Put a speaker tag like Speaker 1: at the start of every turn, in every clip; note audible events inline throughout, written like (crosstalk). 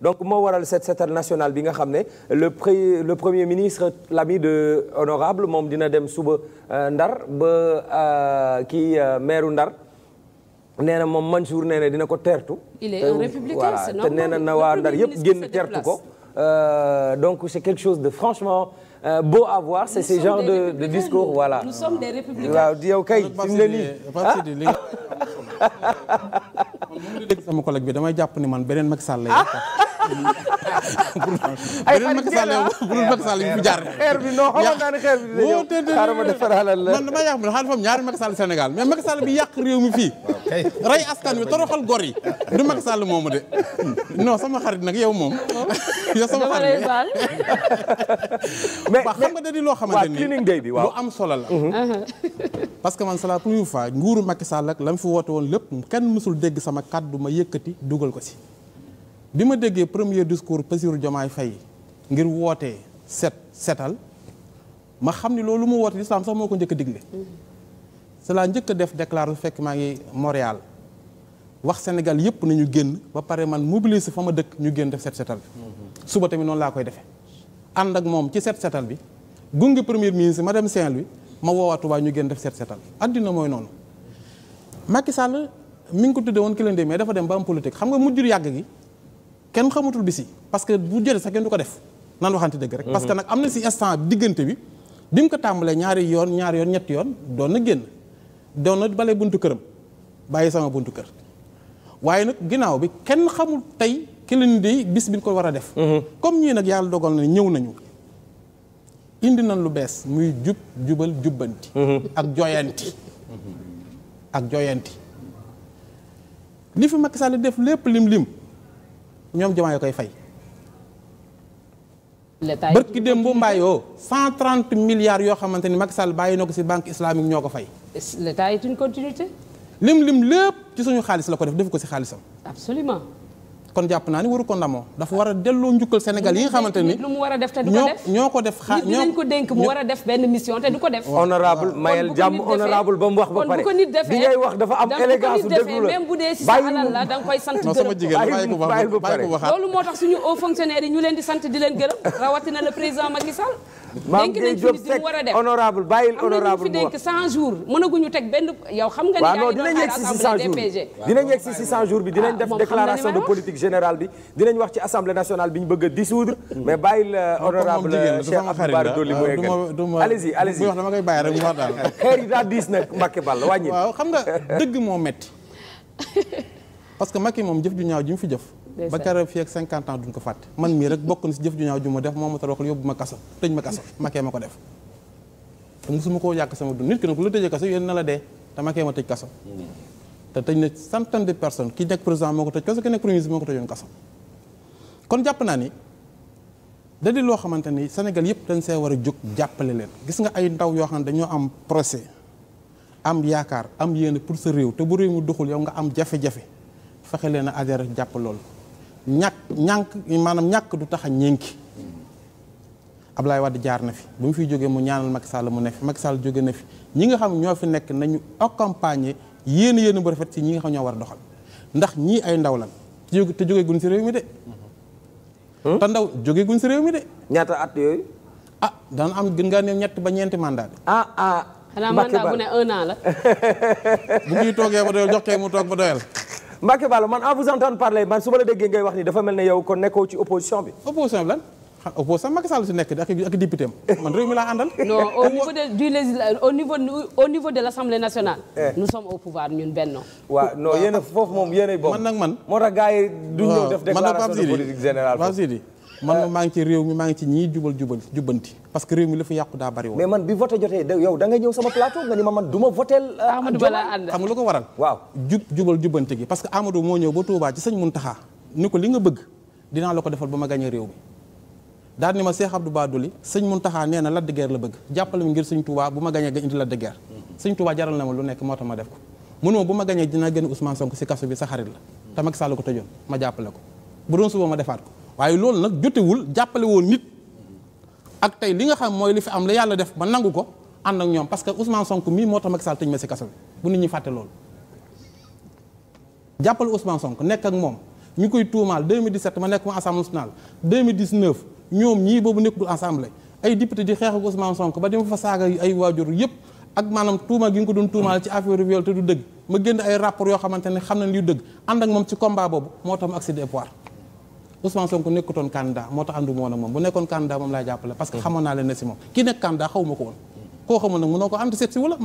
Speaker 1: donc moo waral set setal national bi nga xam ne le le premier ministre l'ami de honorable moom dina dem suba euh, Ndar ba euh, kii euh, maire Ndar nee na moom Mansour nee na dina ko teertu. il républicain c'est normal nee na na waa Ndar yëpp génn teertu ko. donc c'est quelque chose de franchement. Euh, beau à voir c'est ce genre de, de discours voilà.
Speaker 2: nous di yow kay fi
Speaker 1: ah.
Speaker 3: (laughs) sama collègue bi damay jàpp ni man beneen Macky Sall lay (laughs) ay xarit jéem a bu dul Macky Sall yi fi jaar. xeer bi non xamoon naa xeer bi dina ñëw xaaral ma defaralal la. man damaa yàq man xaaral fam ñaari Macky Sall mais Macky bi yàq réew mi fii. rey askan wi toroxal gor yi du Macky Sall moomu sama xarit nag yow moom. Oh. yow sama xarit mais xam nga da di loo xamante am solo la. Mm-hmm. Uh-huh. Uh-huh. parce que man c'est la nguuru Macky Sall ak la mu fi woote woon lépp kenn mësul dégg sama kàddu ma yëkkati dugal ko si bi ma déggee premier discours Bassirou Diomaye Faye ngir wootee set setal ma xam ni loolu mu woote lislaam sax moo ko njëkk a digle mm-hmm. cela njëkk a def déclare fekk maa ngi morial wax Sénégal yëpp ñu génn ba pare man mobiliser fa ma dëkk ñu génn def set setal bi mm-hmm. suba tamit noonu laa koy defee ànd ak moom ci set setal bi gunge premier ministre ma dem Saint-Louis ma woowaat Touba ñu génn def set setal àddina mooy noonu Macky Sall mi ngi ko tudde woon calendrier mais dafa dem ba am politique xam nga mujjur yàgg gi kenn xamatul bis yi parce que bu jëlee sax kenn du ko def nan waxante dëgg rek. parce que nag am na si instant diggante bi bi mu ko tàmbalee ñaari yoon ñaari yoon ñetti yoon doon na génn doon na bale buntu këram bàyyi sama buntu kër waaye nag ginnaaw bi kenn xamul tey kilin di bis bi ñu ko war a def. Mhm. comme ñii nag yàlla dogal na ñëw nañu. indi nañ lu bees muy jub jubal jubbanti. Mhm. ak joyanti. ak joyanti. li fi Macky Sall def lépp lim lim. ñoom jumaa yoo koy fay. bërki démb bu mbaayoo oh, cent trente milliards yoo xamante ni Macky Sall bàyyi na ko si banque islamique ñoo ko fay.
Speaker 1: l'état est une continuité.
Speaker 3: lim lim lépp ci suñu xaalis la ko def def ko si xaalisam. absolument. kon jàpp naa ni waru ko ndamoo dafa war a delloo njukkal Sénégal yi nga xamante ni lu
Speaker 1: mu war a def te du ko def ñoo ko def honorable mayel jàmm honorable ba mu wax ba pare bi ngay wax dafa am élégance déglu la bu dee si sa alal la da koy sant gërëm sama jigéen bàyyi ko wax bàyyi ko waxaat loolu moo tax suñu haut fonctionnaire yi ñu leen di sant di leen gërëm rawatina le président Macky Sall maam Guèye Diop Seck honorable bàyyil honorable mu wax 100 jours mënaguñu teg benn yow xam nga ni waaw non dinañ yegg si 100 jours dinañ yegg si 100 jours bi dinañ ah, def déclaration de politique générale bi dinañ wax ci assemblée nationale bi ñu bëgg a dissoudre mais bàyyil euh, honorable euh, Cheikh Abdou Bara Dolly ah, mu yeggal allez-y allez-y wax dama koy bàyyi rek mu wax daal (laughs) xeer yi daal diis nag Mbacké Ball wàññi waaw xam nga (laughs) dëgg
Speaker 3: moo metti parce que Macky moom jëf ju ñaaw ji mu fi jëf ba keroog fii ak 50 ans duñ ko fàtte man mii rek bokk na si jëf ju ñaaw ju ma def moo ma toroxal yóbbu ma kaso tëj ma kaso makee ma ko def te ma koo yàq sama dund nit ki nag ku la tëjee kaso yéen na la dee te makee ma tëj kaso te tëj na centaine de personnes ki nekk président moo ko tëj kaso ki nekk premier ministre moo ko kon jàpp naa ni da loo xamante ni Sénégal yëpp dañ see war a jóg jàppale leen gis nga ay ndaw yoo xam ne dañoo am procès am yaakaar am yéene pour réew te bu mu doxul yow nga am jafe fexe leen a adhéré jàpp ñàkk ñànk maanaam ñàkk du tax a ñénki Ablaye Wade jaar na fi ba mu fiy jógee mu ñaanal Macky Sall mu ne fi Macky jóge na fi ñi nga xam ñoo fi nekk nañu accompagner yéen yéenu bu rafet ci ñi nga xam ñoo war a doxal ndax ñii ay ndaw lan te jóge guñ si réew mi de. Hmm? te ndaw jóge guñ si réew mi de. ñaata at yooyu. ah daan am gën ngaa néew ñett ba ñeenti mandat de. ah ah. xanaa mandat bu ne un la. (laughs) bu kii toogee ba doyal jox kee mu toog ba doyal. Mbacké Balla man en vous man su ma la déggee ngay wax ni dafa mel ne yow kon nekkoo ci opposition bi. opposition bi lan xam opposition Macky Sall si nekk ak ak député man réew mi laa àndal. non au (laughs) niveau
Speaker 1: de du législa au niveau au niveau de l' nationale. Eh. nous sommes au pouvoir ñun benno waaw non yéen foofu moom yéen a bokk. man nag man moo tax gars yi duñ ñëw def déclaration de politique générale.
Speaker 3: man maa ngi ci réew mi maa ngi ci ñii jubal jubal jubbanti parce que réew mi la fa yàqu daa bari woon
Speaker 1: mais man bi voté jotee yow da nga ñëw sama plateau nga ni ma man du ma voté euh, Amadou Ba
Speaker 3: ko waral waaw jub jubal jubbanti gi parce que Amadou moo ñëw ba Touba ci sëñ Muntaxa ni ko la ko defal ma gàñe réew mi daal ni ma Cheikh Abdou Bara Dolly la bëgg jàppale mi ngir sëñ Touba bu ma gàñee nga indi Lac de Guiers sëñ jaral na ma lu nekk moo tax ma def ko mënuma bu ma gàñee dinaa gën Ousmane Sonko si kaso bi sa xarit la te Macky Sall ko tëjoon ma jàppale ko bu doon suba ma ko waaye loolu nag jotewul jàppale woon nit ak tey li nga xam mooy li fi am la yàlla def ba nangu ko ànd ak ñoom parce que Ousmane Sonko mii moo tax Macky Sall tëj ma si kaso bi bu nit ñi fàtte loolu jàppale Ousmane Sonko nekk ak moom ñu koy tuumaal 2017 ma nekk ma assemblée nationale 2019 ñoom ñii boobu nekkul assemblée ay député di xeex ak Ousmane Sonko ba dama fa saaga ay waajur yëpp ak maanaam tuuma gi nga ko doon tuumaal ci affaire viol te du dëgg ma génn ay rapport yoo xamante ne xam nañ liy dëgg ànd ak moom ci combat boobu moo tax mu accès de pouvoir Ousmane Sonko nekkutoon candidat moo tax ànduma woon moom bu nekkoon candidat moom laay jàppale parce que xamoon naa leen si moom kii nekk candidat xaw ma ko woon koo xamul nag mënoo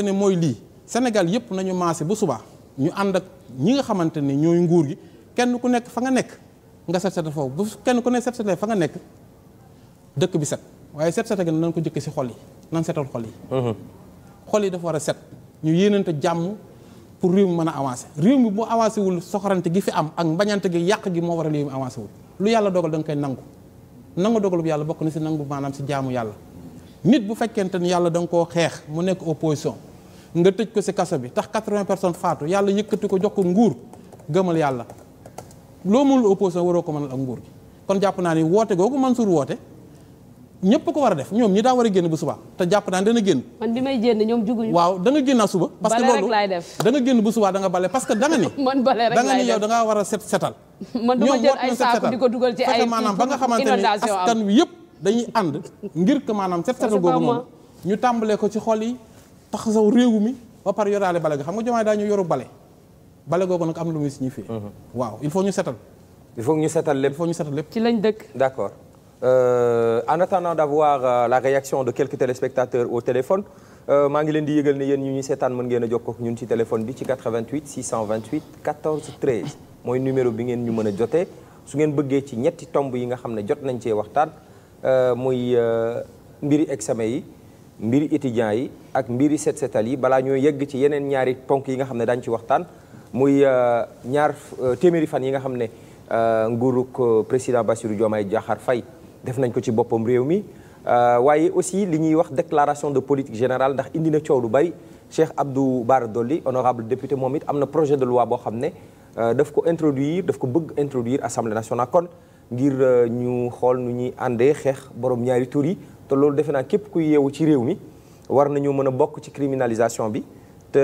Speaker 3: ne mooy lii Sénégal yëpp nañu maase bu suba ñu ànd ak ñi nga xamante ni ñooy nguur gi kenn ku nekk fa nga nekk nga set sete foofu bu kenn ku nekk set sete fa nga nekk dëkk bi set waaye set sete gi nan ko jëkke si xol yi nan setal xol yi mhm. xol yi dafa war a set ñu yéenante jàmm pour réew mi mën a avancé réew mi bu avancé wul soxorante gi fi am ak mbañante gi yàq gi moo war a réew mi avancé wul lu yàlla dogal da nga koy nangu nangu dogal bu yàlla bokk na si nangu maanaam si jaamu yàlla nit bu fekkente ni yàlla da nga koo xeex mu nekk opposition nga tëj ko si kaso bi tax 80 personnes faatu yàlla yëkkati ko jox ko nguur gëmal yàlla loo mënul opposition waroo ko mënal ak nguur gi kon jàpp naa ni woote googu Mansour woote ñëpp ko war a def ñoom ñi daa war a génn bu suba te jàpp naa dana génn.
Speaker 1: man bi génn ñoom juguñu.
Speaker 3: waaw da nga génn suba. parce que loolu da nga génn bu suba da nga bale parce que da nga ni. (laughs) man bale rek laay def da nga war a set setal. (laughs) man du ma jël ay saako di ko dugal ci ay maanaam ba nga xamante ni askan wi yëpp dañuy ànd ngir que maanaam set setal googu noonu ñu tàmbalee ko ci xol yi tax saw réew mi ba pare yoraale bale ga xam nga jomaay daa ñu yoru bale bale googu nag am lu muy signifié mhm. waaw il faut ñu setal
Speaker 1: il faut ñu setal lépp il faut ñu setal lépp ci lañ dëkk d'accord Euh, en attendant d'avoir euh, la réaction de quelques téléspectateurs au téléphone euh, maa ngi leen di yëgal ne yéen ñu ñu seetaan mën ngeen a jokkoo ak ñun ci téléphone bi ci 88 628 14 13 mooy numéro bi ngeen ñu mën a jotee su ngeen bëggee ci ñetti tomb yi nga xam ne jot nañ cee waxtaan euh, muy euh, mbiri examen yi mbiri étudiants yi ak mbiri set setal yi balaa ñoo yegg ci yeneen ñaari ponk yi nga xam ne daañu ci waxtaan muy euh, ñaar euh, téeméeri fan yi nga xam ne euh, nguurug président Bassirou Diomaye Diakhar fay def nañ ko ci boppam réew mi waaye aussi li ñuy wax déclaration de politique générale ndax indi na coow lu bari Cheikh Abdou Bara Dolly honorable député moom it am na projet de loi boo xam ne def ko introduire daf ko bëgg introduire assemblée nationale kon ngir ñu xool nu ñuy àndee xeex borom ñaari tur yi te loolu defe naa képp ku yeewu ci réew mi war nañu mën a bokk ci criminalisation bi te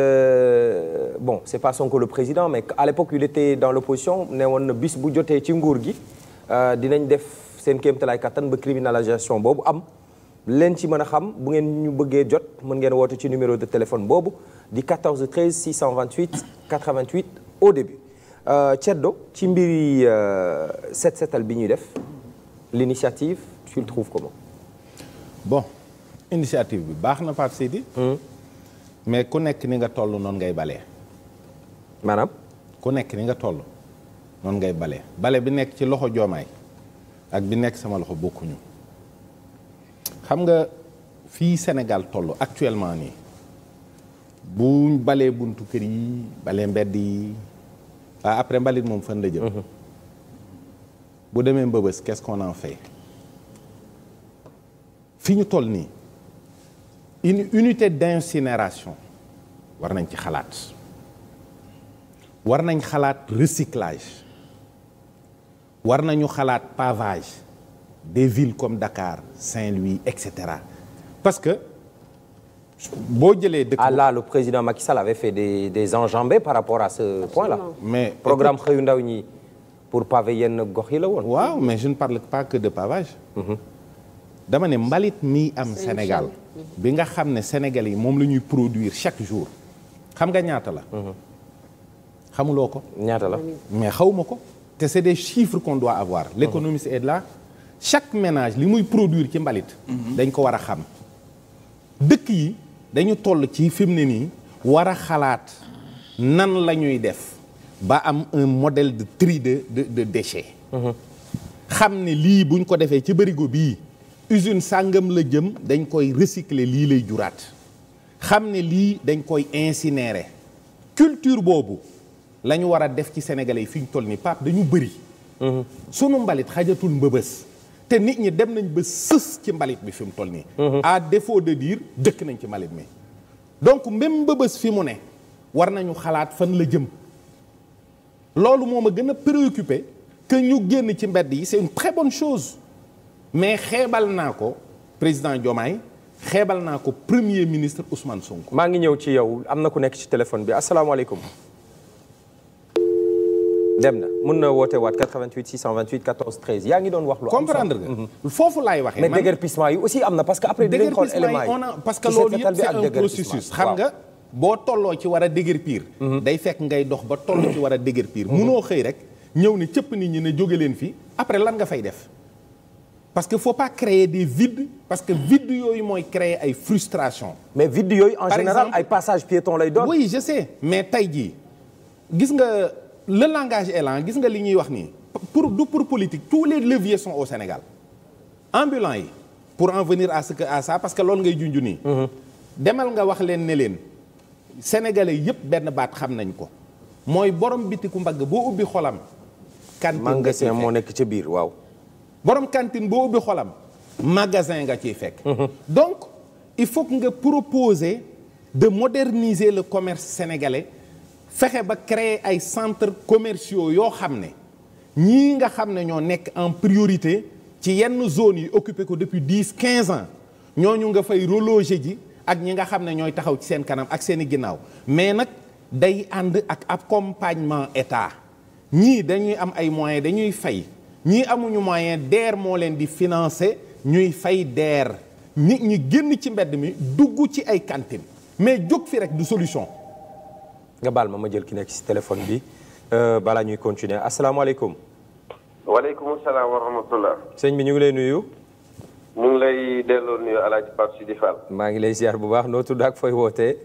Speaker 1: bon c'est pas Sonko le président mais à l'époque il était dans l'opposition ne woon na bis bu jotee ci nguur gi euh, dinañ def seen kéemtalaay kattan ba criminalisation boobu am leen ci mën a xam bu ngeen ñu bëggee jot mën ngeen woote ci numéro de téléphone boobu di 14 13 628 88 au début euh, Ceddo ci mbiri euh, set setal bi ñuy def l'initiative tu le trouves comment
Speaker 4: bon initiative bi baax na Pape Sidi. Hmm. mais ku nekk ni nga toll noonu ngay bale maanaam. ku nekk ni nga toll noonu ngay bale bale bi nekk ci loxo joomaay ak bi nekk sama loxo bokkuñu xam nga fii Sénégal toll actuellement nii bu balee buntu kër yi balee mbedd yi ah après mbalit moom fan la jëm. Hmm. bu demee mbëbës qu'est-ce qu'on fi ñu toll nii une unité d'incinération war nañ ci xalaat war nañ xalaat recyclage war nañu xalaat pavage des villes comme Dakar Saint-Louis et cetera parce que boo jëlee dëkk. ah là
Speaker 1: président Macky Sall avait
Speaker 4: fait des des enjambées par rapport à ce point-là. mais programme xëyu ndaw ñi pour paver yenn gox yi la woon. waaw mais je ne parle pas que de pavage. Mm-hmm. dama ne mbalit mi am Sénégal bi nga xam ne Sénégal yi moom la ñuy produire chaque jour xam nga ñaata la mhm. xamuloo ko ñaata la mais xawuma ko te c'est des chiffres qu'on doit avoir mhm. l'économiste est là chaque ménage li muy produire ci mbalit mhm. dañ ko war a xam dëkk yi dañu toll ci fi ne nii war a xalaat nan la ñuy def ba am un modèle de tri de de de déchets xam ne lii buñ ko defee ci bërigo bii usine sàngam la jëm dañ koy recycler lii lay juraat xam ne lii dañ koy incinérer culture boobu lañu ñu war a def ci sénégalais yi fi ñu toll nii Pape dañu bëri. Mhm. sunu mbalit xajatul mbëbës. te nit ñi dem nañ ba sës ci mbalit bi fi mu toll nii. Mhm. à défaut de dire dëkk nañ ci mbalit mi. donc même mbëbës fi mu ne war nañu xalaat fan la jëm. loolu moo ma gën a préoccupé que ñu génn ci mbedd yi seen une très chose. mais xeebal naa ko président Diomaye xeebal naa ko premier ministre Ousmane Sonko. maa ngi ñëw ci yow am na ku nekk ci
Speaker 1: téléphone bi asalaamaaleykum. dem na mën na woote waat yaa ngi doon wax lu. comprendre nga mhm. foofu laay waxee. mais déguerpissement aussi am na
Speaker 4: parce que après. dinañ xool élément que loolu yëpp c'est nga. boo tolloo ci war a déguerpir. Mhm. day fekk ngay dox ba tolloo mhm. war a déguerpir. munoo xëy rek ñëw ne cëpp nit ñi ne jóge leen fii après lan nga fay def. parce que faut pas créer des vides parce que vide yooyu mooy créer ay frustration mais vide yooyu en Par ay passage piéton lay doon oui je mais tey jii gis nga le langage élan gis nga li ñuy wax nii pour du pour politique tous les leviers sont au Sénégal ambulants yi pour envenir venir à ce que à ça parce que lool ngay junju nii mhm. demal nga wax leen ne leen sénégalais yëpp benn baat xam nañ ko mooy borom bitiku mbagg boo ubbi xolam kantin moo nekk ca biir waaw borom cantine boo ubbi xolam magasin nga ciy fekk. Mhm. donc il faut que nga proposer de moderniser le commerce sénégalais fexe ba créer ay centres commerciaux yoo xam ne ñii nga xam ne ñoo nekk en priorité ci yenn zones yi occupé ko depuis dix quinze ans ñooñu nga fay reloger ji ak ñi nga xam ne ñooy taxaw ci seen kanam ak seen i ginnaaw mais nag day ànd ak accompagnement état ñii dañuy am ay moyens dañuy fay. ñii amuñu moyen DER moo leen di financé ñuy fay DER nit ñi génn ci mbedd mi dugg ci ay cantine mais jóg fi rek du solution.
Speaker 1: nga baal ma ma jël ki nekk ci téléphone bi euh, bala ñuy continuer asalaamaaleykum.
Speaker 2: waaleykum salaam wa rahmatullah.
Speaker 1: sëñ bi ñu ngi lay nuyu.
Speaker 2: ñu ngi lay delloo nuyu El Hadj Pape Sidi Fall.
Speaker 1: maa ngi lay ziar bu baax noo tudd ak fooy wootee.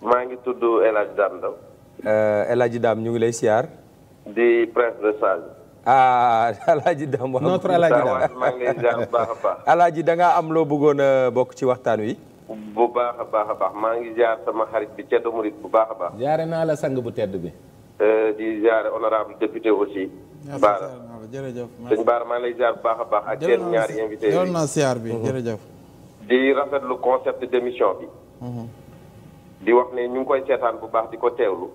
Speaker 2: maa ngi tudd El Hadj
Speaker 1: Dame euh, ñu ngi lay ziar.
Speaker 2: di prince
Speaker 1: de Sage. ah (laughs) alaaji dam waaw notre alaaji dam maa ngi lay a baax (laughs) alaaji da ngaa am loo bëggoon bokk ci waxtaan wi
Speaker 2: bu baax a baax a baax maa ngi ziar sama xarit bi Ceddo Murit bu baax a
Speaker 4: baax jaare naa la sang bu tedd bi
Speaker 2: euh, di ziar honorable député aussi Baara
Speaker 3: jërëjëf sëñ
Speaker 2: maa lay ziar bu baax a baax ak seen ñaari invité yi doon naa
Speaker 4: ziar bi mhm. jërëjëf
Speaker 2: di rafetlu concept d'émission bi mhm. di wax ne ñu ngi koy seetaan bu baax di ko teewlu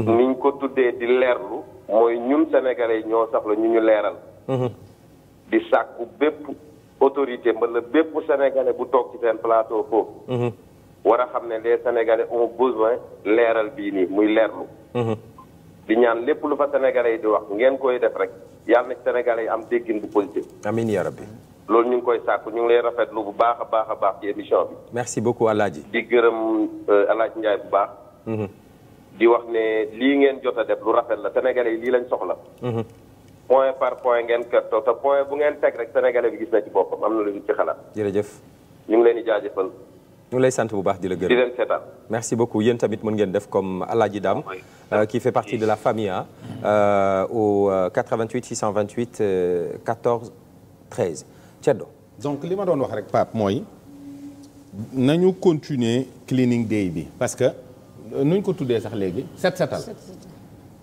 Speaker 2: mhm. niñ ko tuddee di leerlu mooy ñun sénégalais yi ñoo soxla ñu ñu leeral. Mhm. di sàkku bépp autorité mbala bépp sénégalais bu toog ci seen plateau foofu. Mhm. war a xam ne les sénégalais ont besoin leeral bii nii muy leerlu. Mhm. di ñaan lépp lu fa sénégalais yi di wax ngeen koy def rek yàlla na sénégalais yi am déggin bu positif. amiin yaa rabbi. loolu ñu ngi koy sàkku ñu ngi lay rafetlu bu baax a baax a baax ci émission bi.
Speaker 1: merci beaucoup Alaaji.
Speaker 2: di gërëm euh, Alaaji Ndiaye bu baax. di wax ne lii ngeen jot a def lu rafet la sénégalais yi lii lañ soxla. Mhm. point par point ngeen kertoo te point bu ngeen teg rek sénégalais bi gis na ci boppam am na ngi leen di jaajëfal.
Speaker 1: lay sant bu baax di la gërëm di leen seetaan. merci beaucoup yéen tamit mën ngeen def comme Alaaji Dam euh, qui fait partie de la famille ah. au 88 628 14 13 Ceddo.
Speaker 4: donc li ma doon wax rek Pape mooy nañu continuer cleaning day bi parce que. nu nuñ ko tuddee sax léegi set setal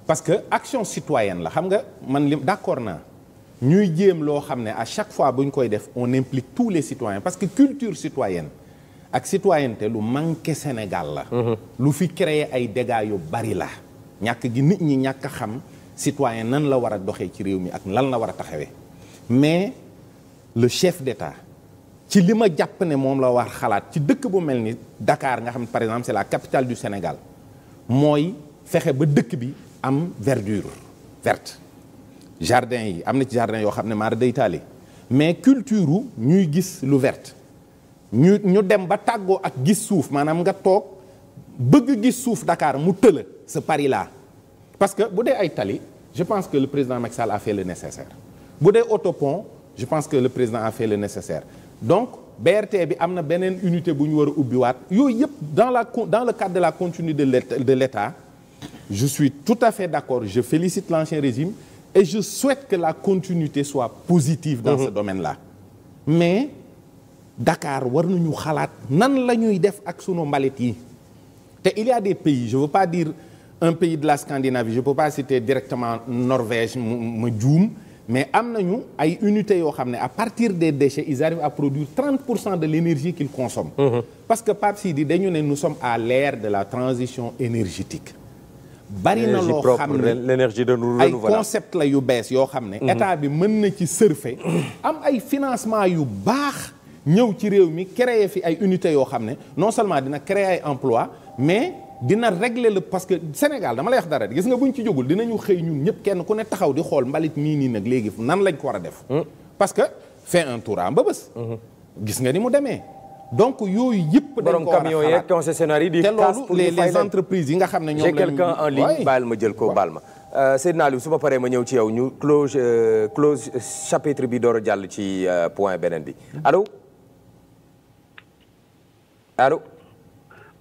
Speaker 4: parce que action citoyenne la xam nga man li d'accord naa ñuy jéem loo xam ne à chaque fois bu ñu koy def on implique tous les citoyens parce que culture citoyenne ak citoyenneté lu manqué Sénégal la mhm. lu fi créer ay dégâts yu bari la ñàkk gi nit ñi ñàkk xam citoyen nan la war a doxee ci réew mi ak lan la war a taxawee mais le chef d'État ci li ma jàpp ne moom la war xalaat ci dëkk bu mel ni dakaar nga xam ne par exemple c'est la capitale du Sénégal mooy fexe ba dëkk bi am verdure verte jardin yi am na ci jardin yoo xam ne maar day taali mais culture ñuy gis lu verte ñu dem ba tàggoo ak gis suuf maanaam nga toog bëgg gis suuf Dakar mu tëla ce pari là parce que bu dee ay tali je pense que le président Macky a fait le nécessaire bu dee otopon je pense que le président a fait le nécessaire donc BRT bi am na beneen unité bu ñu war a ubbiwaat yooyu yëpp dans la dans le cadre de la continuité de l'État je suis tout à fait d'accord je félicite l'ancien régime et je souhaite que la continuité soit positive dans mmh. ce domaine-là mais Dakar war nañu xalaat nan la ñuy def ak sunu mbalit yi te il y des pays je veux pas dire un pays de la Scandinavie je peux pas citer directement Norvège ma juum mais am nañu ay unités yoo xam ne à partir des déchets ils arrivent à produire 30 pour cent de l'énergie qu'ils consomment mmh. parce que Pape Sidi dañu ne nous sommes à l'ère de la transition énergétique bari na loo xam ne l'énergie de nous renouvelable ay concept la yu bees yoo xam ne mmh. état bi mën na ci surfer mmh. am ay financement yu baax ñëw ci réew mi créer fi ay unités yoo xam ne non seulement dina créer ay emploi mais dina régler le parce que Sénégal dama lay wax dara gis nga buñ ci jógul dinañu xëy ñun ñëpp kenn ku ne taxaw di xool mbalit mii nii nag léegi nan lañ ko war a def. Hmm. parce que fait un tour à Mbëbës. Hmm. gis nga ni mu demee. donc yooyu yëpp. dañ ko war a xalaat borom camion yeeg concessionnaire yi di. te loolu les entreprises yi nga xam ne ñoom lañu. j'ai quelqu'un en
Speaker 1: ma jël ko baal ma. Euh, naa Aliou su ma paree ma ñëw ci yow ñu close euh, close chapitre bi door a jàll ci euh, point beneen bi aloo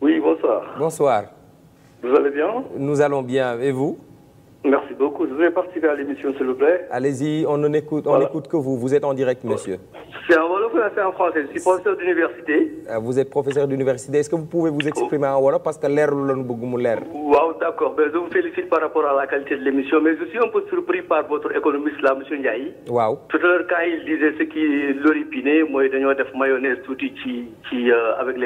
Speaker 1: Oui, bonsoir. Bonsoir. Vous allez bien Nous allons bien. Et vous Merci beaucoup. Je voulais participer à l'émission, s'il vous plaît. allez on écoute que vous. Vous êtes en direct, monsieur.
Speaker 5: C'est en Wolof c'est en français. professeur d'université.
Speaker 1: Euh, vous êtes professeur d'université. Est-ce que vous pouvez vous exprimer oh. en Parce que l'air, nous l'avons l'air.
Speaker 5: Wow, d'accord. Ben, je vous félicite par rapport à la qualité de l'émission. Mais je suis un surpris par votre économiste, là, monsieur Ndiaye. Wow. a euh, avec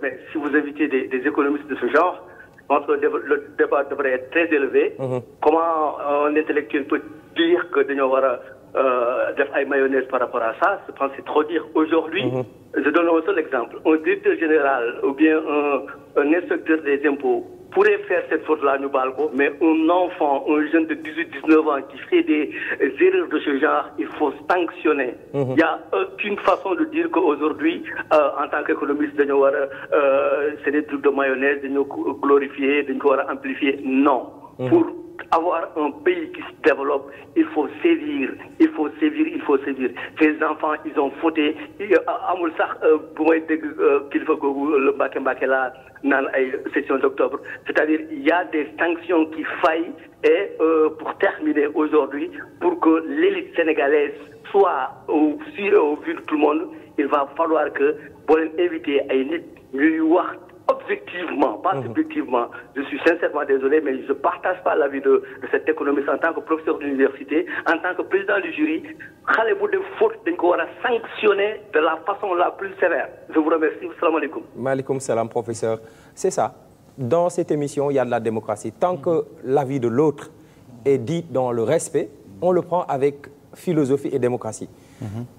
Speaker 5: les fait, si vous invitez des, économistes de ce genre, je le débat devrait être très élevé. Mhm. Comment un peut dire que dañoo war a euh, def ay mayonnaise par rapport à ça je pense trop dire aujourd'hui mhm. je donne un seul exemple un directeur général ou bien un, un des impôts pourrait faire cette faute-là ñu baal ko mais un enfant un jeune de dix-huit dix-neuf ans qui fait des erreurs de ce genre il faut sanctionner mhm. il y a aucune façon de dire qu'aujourd'hui euh, en tant qu'économiste dañoo war a euh, c'est des trucs de mayonnaise dañoo glorifier dañ ko war a amplifier non mhm. pour avoir un pays qui se développe, il faut sévir, il faut sévir, il faut sévir. Ces enfants, ils ont fauté. Ah, amul sax euh, bu may dégg euh, kilifa googu le Mbacké Mbacké laa naan ay session d'octobre. C'est-à-dire il y a des sanctions qui faillent et euh, pour terminer aujourd'hui, pour que l'élite sénégalaise soit au vu de tout le monde, il va falloir que boo leen invité ay nit ñuy wax. objectivement, pas mmh. subjectivement, je suis sincèrement désolé, mais je ne partage pas l'avis de, cette économiste en tant que professeur d'université, en tant que président du jury. xale bu def faute a de la façon la plus sévère. je vous remercie salaamaaleykum.
Speaker 1: maaleykum salaam professeur c'est ça dans cette émission il y a de la démocratie tant que l'avis de l'autre est dit dans le respect on le prend avec philosophie et démocratie.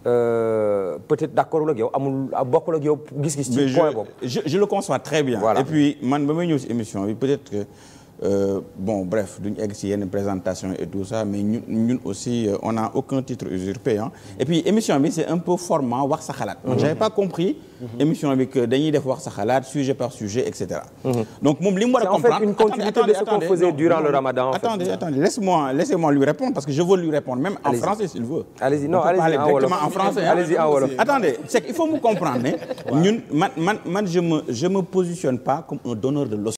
Speaker 1: Euh, peut-être d'accordul ak yow amul bokkul ak yow gis-gis. ci point boobu
Speaker 3: je je le conçois très bien. voilà et puis man ba may ñëw si émission bi peut-être que. Euh, bon bref duñu egg si yenn présentation et tout ça mais ñun ñun aussi euh, a aucun titre usurpé et puis émission bi c'est un peu format wax sa xalaat man mm-hmm. j'avais pas compris mm-hmm. émission bi que dañuy def wax sa xalaat sujet par sujet et mm-hmm. donc moom li mu a comprendre attendez laissez-moi lui répondre parce que je veux lui répondre même en français s'il veut attendez
Speaker 5: c'est faut me comprendre ne ñun je me positionne pas comme un donneur de leçons